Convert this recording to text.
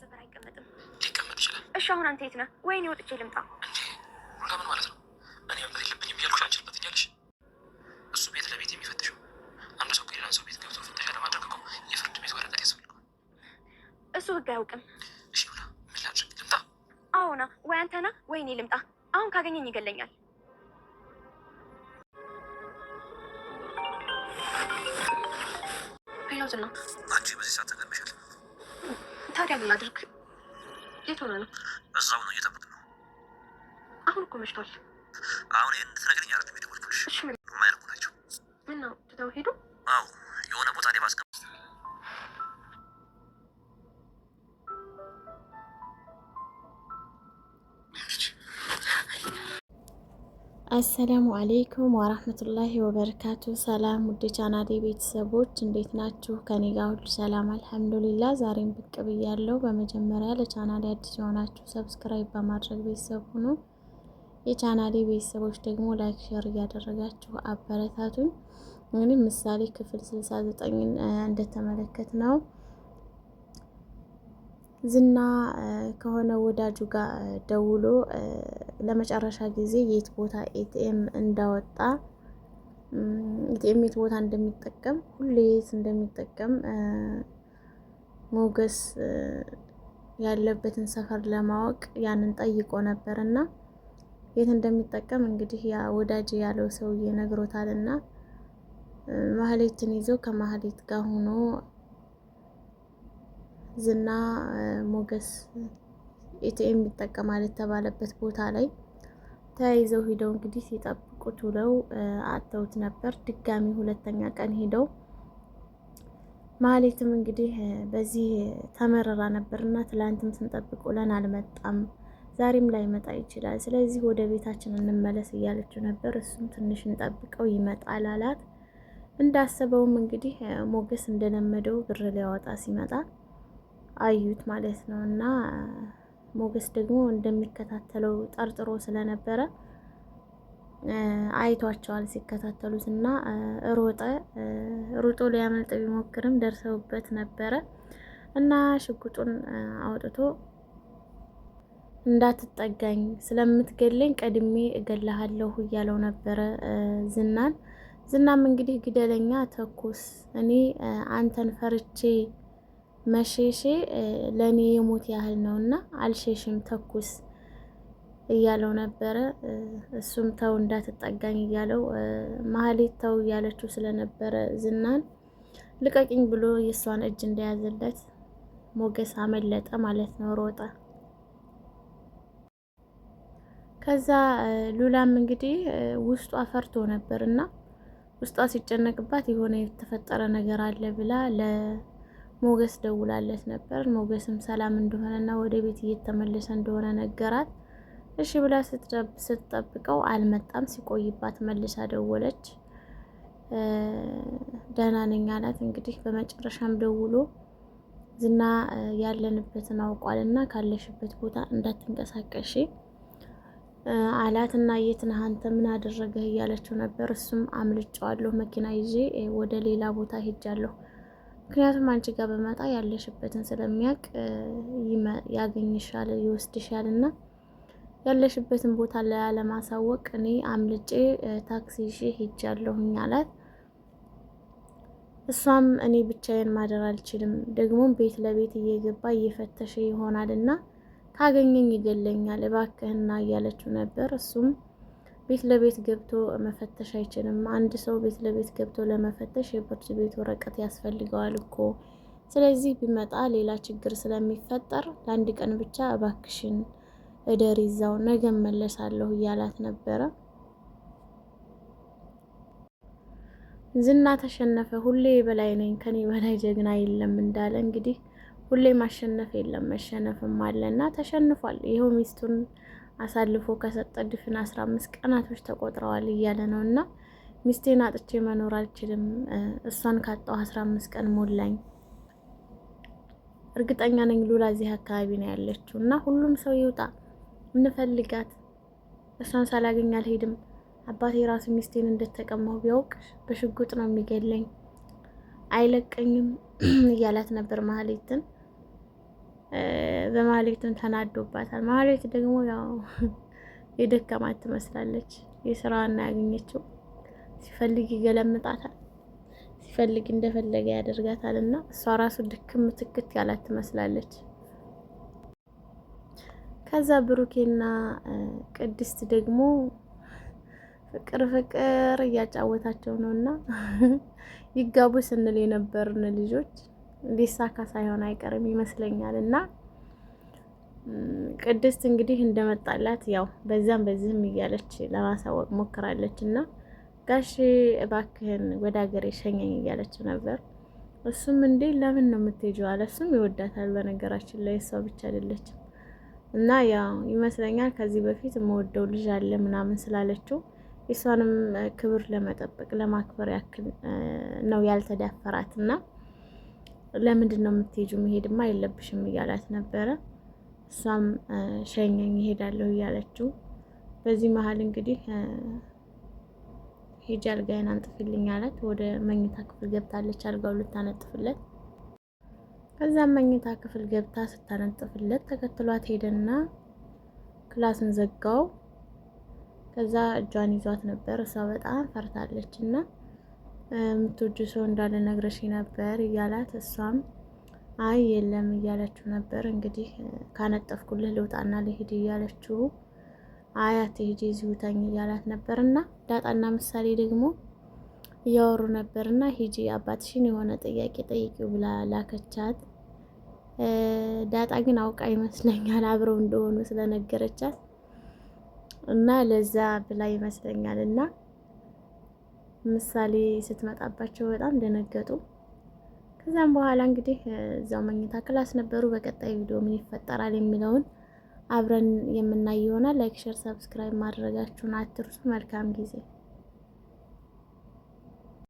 ሰፈር አይቀመጥም። ሊቀመጥ ይችላል። እሺ አሁን አንተ የት ነህ? ወይኔ ወጥቼ ልምጣ። እንዴ ምን ማለት ነው? እኔ መብት የለብኝም እያልኩሽ አንቺ ልመትኛለሽ። እሱ ቤት ለቤት የሚፈትሸው አንዱ ሰው ከሌላ ሰው ቤት ገብቶ ፍተሻ ለማድረግ እኮ የፍርድ ቤት ወረቀት ያስፈልገዋል። እሱ ህግ አያውቅም። እሺ ሁላ ምን ላድርግ? ልምጣ? አዎና ወይ አንተ ና ወይ ልምጣ። አሁን ካገኘኝ ይገለኛል። ሄሎትና አንቺ በዚህ ሰዓት ተገምሻል። ታዲያ ምን ላድርግ? የት ሆነ ነው? እዛው ነው እየጠበቅ ነው። አሁን እኮ መሽቷል። አሁን ይህን የሚደወልኩልሽ ናቸው። ምን ነው ትተው ሄዱ? አሰላሙ አሌይኩም ወራህመቱላሂ ወበረካቱ። ሰላም ውድ ቻናሌ ቤተሰቦች እንዴት ናችሁ? ከኔ ጋር ሁሉ ሰላም አልሐምዱሊላ። ዛሬም ብቅ ብያለሁ። በመጀመሪያ ለቻናሌ አዲስ የሆናችሁ ሰብስክራይብ በማድረግ ቤተሰብ ሁኑ። የቻናሌ ቤተሰቦች ደግሞ ላይክ፣ ሼር እያደረጋችሁ አበረታቱን። እንግዲህ ምሳሌ ክፍል 69 እንደተመለከት ነው ዝና ከሆነ ወዳጁ ጋር ደውሎ ለመጨረሻ ጊዜ የት ቦታ ኤቲኤም እንዳወጣ ኤቲኤም የት ቦታ እንደሚጠቀም ሁሌ የት እንደሚጠቀም ሞገስ ያለበትን ሰፈር ለማወቅ ያንን ጠይቆ ነበር እና የት እንደሚጠቀም እንግዲህ ያ ወዳጅ ያለው ሰውዬ ነግሮታል እና ማህሌትን ይዞ ከማህሌት ጋር ሆኖ ዝና ሞገስ ኤቲኤም ይጠቀማል የተባለበት ቦታ ላይ ተያይዘው ሂደው እንግዲህ ሲጠብቁት ውለው አተውት ነበር። ድጋሚ ሁለተኛ ቀን ሂደው ማህሌትም እንግዲህ በዚህ ተመረራ ነበርና ትላንትም ስንጠብቅ ውለን አልመጣም፣ ዛሬም ላይመጣ ይችላል፣ ስለዚህ ወደ ቤታችን እንመለስ እያለችው ነበር። እሱም ትንሽ እንጠብቀው ይመጣል አላት። እንዳሰበውም እንግዲህ ሞገስ እንደለመደው ብር ሊያወጣ ሲመጣ አዩት ማለት ነው። እና ሞገስ ደግሞ እንደሚከታተለው ጠርጥሮ ስለነበረ አይቷቸዋል ሲከታተሉት እና ሮጠ። ሩጦ ሊያመልጥ ቢሞክርም ደርሰውበት ነበረ እና ሽጉጡን አውጥቶ እንዳትጠጋኝ ስለምትገለኝ ቀድሜ እገላሃለሁ እያለው ነበረ ዝናን። ዝናም እንግዲህ ግደለኛ ተኩስ፣ እኔ አንተን ፈርቼ መሸሼ ለእኔ የሞት ያህል ነው እና አልሸሽም ተኩስ እያለው ነበረ። እሱም ተው እንዳትጠጋኝ እያለው ማህሌት ተው እያለችው ስለነበረ ዝናን ልቀቅኝ ብሎ የእሷን እጅ እንደያዘለት ሞገስ አመለጠ ማለት ነው፣ ሮጠ። ከዛ ሉላም እንግዲህ ውስጧ ፈርቶ ነበር እና ውስጧ ሲጨነቅባት የሆነ የተፈጠረ ነገር አለ ብላ ሞገስ ደውላለት ነበር። ሞገስም ሰላም እንደሆነና ወደ ቤት እየተመለሰ እንደሆነ ነገራት። እሺ ብላ ስትጠብቀው አልመጣም። ሲቆይባት መልሳ ደወለች። ደህና ነኝ አላት። እንግዲህ በመጨረሻም ደውሎ ዝና ያለንበትን አውቋል እና ካለሽበት ቦታ እንዳትንቀሳቀሺ አላት እና የት ነህ አንተ ምን አደረገህ እያለችው ነበር። እሱም አምልጫዋለሁ መኪና ይዤ ወደ ሌላ ቦታ ሄጃለሁ ምክንያቱም አንቺ ጋር በመጣ ያለሽበትን ስለሚያውቅ ያገኝሻል፣ ይወስድሻል እና ያለሽበትን ቦታ ላለማሳወቅ እኔ አምልጬ ታክሲ ይዤ ሄጃለሁኝ አላት። እሷም እኔ ብቻዬን ማደር አልችልም፣ ደግሞ ቤት ለቤት እየገባ እየፈተሸ ይሆናል እና ካገኘኝ ይገለኛል፣ እባክህና እያለችው ነበር እሱም ቤት ለቤት ገብቶ መፈተሽ አይችልም። አንድ ሰው ቤት ለቤት ገብቶ ለመፈተሽ የፍርድ ቤት ወረቀት ያስፈልገዋል እኮ። ስለዚህ ቢመጣ ሌላ ችግር ስለሚፈጠር ለአንድ ቀን ብቻ እባክሽን እደሪ እዛው፣ ነገ መለሳለሁ እያላት ነበረ። ዝና ተሸነፈ። ሁሌ በላይ ነኝ፣ ከኔ በላይ ጀግና የለም እንዳለ እንግዲህ ሁሌ ማሸነፍ የለም መሸነፍም እና ተሸንፏል። ይኸው ሚስቱን አሳልፎ ከሰጠ ድፍን አስራ አምስት ቀናቶች ተቆጥረዋል እያለ ነው እና ሚስቴን አጥቼ መኖር አልችልም። እሷን ካጣው አስራ አምስት ቀን ሞላኝ። እርግጠኛ ነኝ ሉላ እዚህ አካባቢ ነው ያለችው እና ሁሉም ሰው ይውጣ እንፈልጋት። እሷን ሳላገኝ አልሄድም። አባቴ ራሱ ሚስቴን እንደተቀማሁ ቢያውቅ በሽጉጥ ነው የሚገለኝ። አይለቀኝም እያላት ነበር ማህሌትን። በማህሌትም ተናዶባታል። ማህሌት ደግሞ ያው የደከማት ትመስላለች። የስራዋን ያገኘችው ሲፈልግ ይገለምጣታል፣ ሲፈልግ እንደፈለገ ያደርጋታል እና እሷ ራሱ ድክም ትክት ያላት ትመስላለች። ከዛ ብሩኬና ቅድስት ደግሞ ፍቅር ፍቅር እያጫወታቸው ነው እና ይጋቡ ስንል የነበርን ልጆች ሊሳካ ሳይሆን አይቀርም ይመስለኛል እና ቅድስት እንግዲህ እንደመጣላት ያው በዚያም በዚህም እያለች ለማሳወቅ ሞክራለች እና ጋሽ እባክህን ወደ ሀገሬ ሸኘኝ እያለች ነበር። እሱም እንዴ ለምን ነው የምትሄጂው አለ። እሱም ይወዳታል በነገራችን ላይ እሷ ብቻ አይደለችም እና ያው ይመስለኛል ከዚህ በፊት የምወደው ልጅ አለ ምናምን ስላለችው የእሷንም ክብር ለመጠበቅ ለማክበር ያክል ነው ያልተዳፈራት እና ለምንድን ነው የምትሄጁ? መሄድማ የለብሽም እያላት ነበረ። እሷም ሸኘኝ ይሄዳለሁ እያለችው በዚህ መሀል እንግዲህ ሂጂ አልጋዬን አንጥፊልኝ አላት። ወደ መኝታ ክፍል ገብታለች አልጋው ልታነጥፍለት። ከዛም መኝታ ክፍል ገብታ ስታነጥፍለት ተከትሏት ሄደና ክላስን ዘጋው። ከዛ እጇን ይዟት ነበር። እሷ በጣም ፈርታለች እና የምትወጁ ሰው እንዳለ ነግረሽ ነበር እያላት እሷም አይ የለም እያለችው ነበር። እንግዲህ ካነጠፍኩልህ ልውጣና ልሂድ እያለችው አያት አትሂጂ እዚሁ ተኝ እያላት ነበር። እና ዳጣና ምሳሌ ደግሞ እያወሩ ነበር። እና ሂጂ አባትሽን የሆነ ጥያቄ ጠይቂው ብላ ላከቻት። ዳጣ ግን አውቃ ይመስለኛል አብረው እንደሆኑ ስለነገረቻት እና ለዛ ብላ ይመስለኛል እና ምሳሌ ስትመጣባቸው በጣም ደነገጡ። ከዛም በኋላ እንግዲህ እዚያው መኝታ ክላስ ነበሩ። በቀጣይ ቪዲዮ ምን ይፈጠራል የሚለውን አብረን የምናይ ይሆናል። ላይክ፣ ሸር፣ ሰብስክራይብ ማድረጋችሁን አትርሱ። መልካም ጊዜ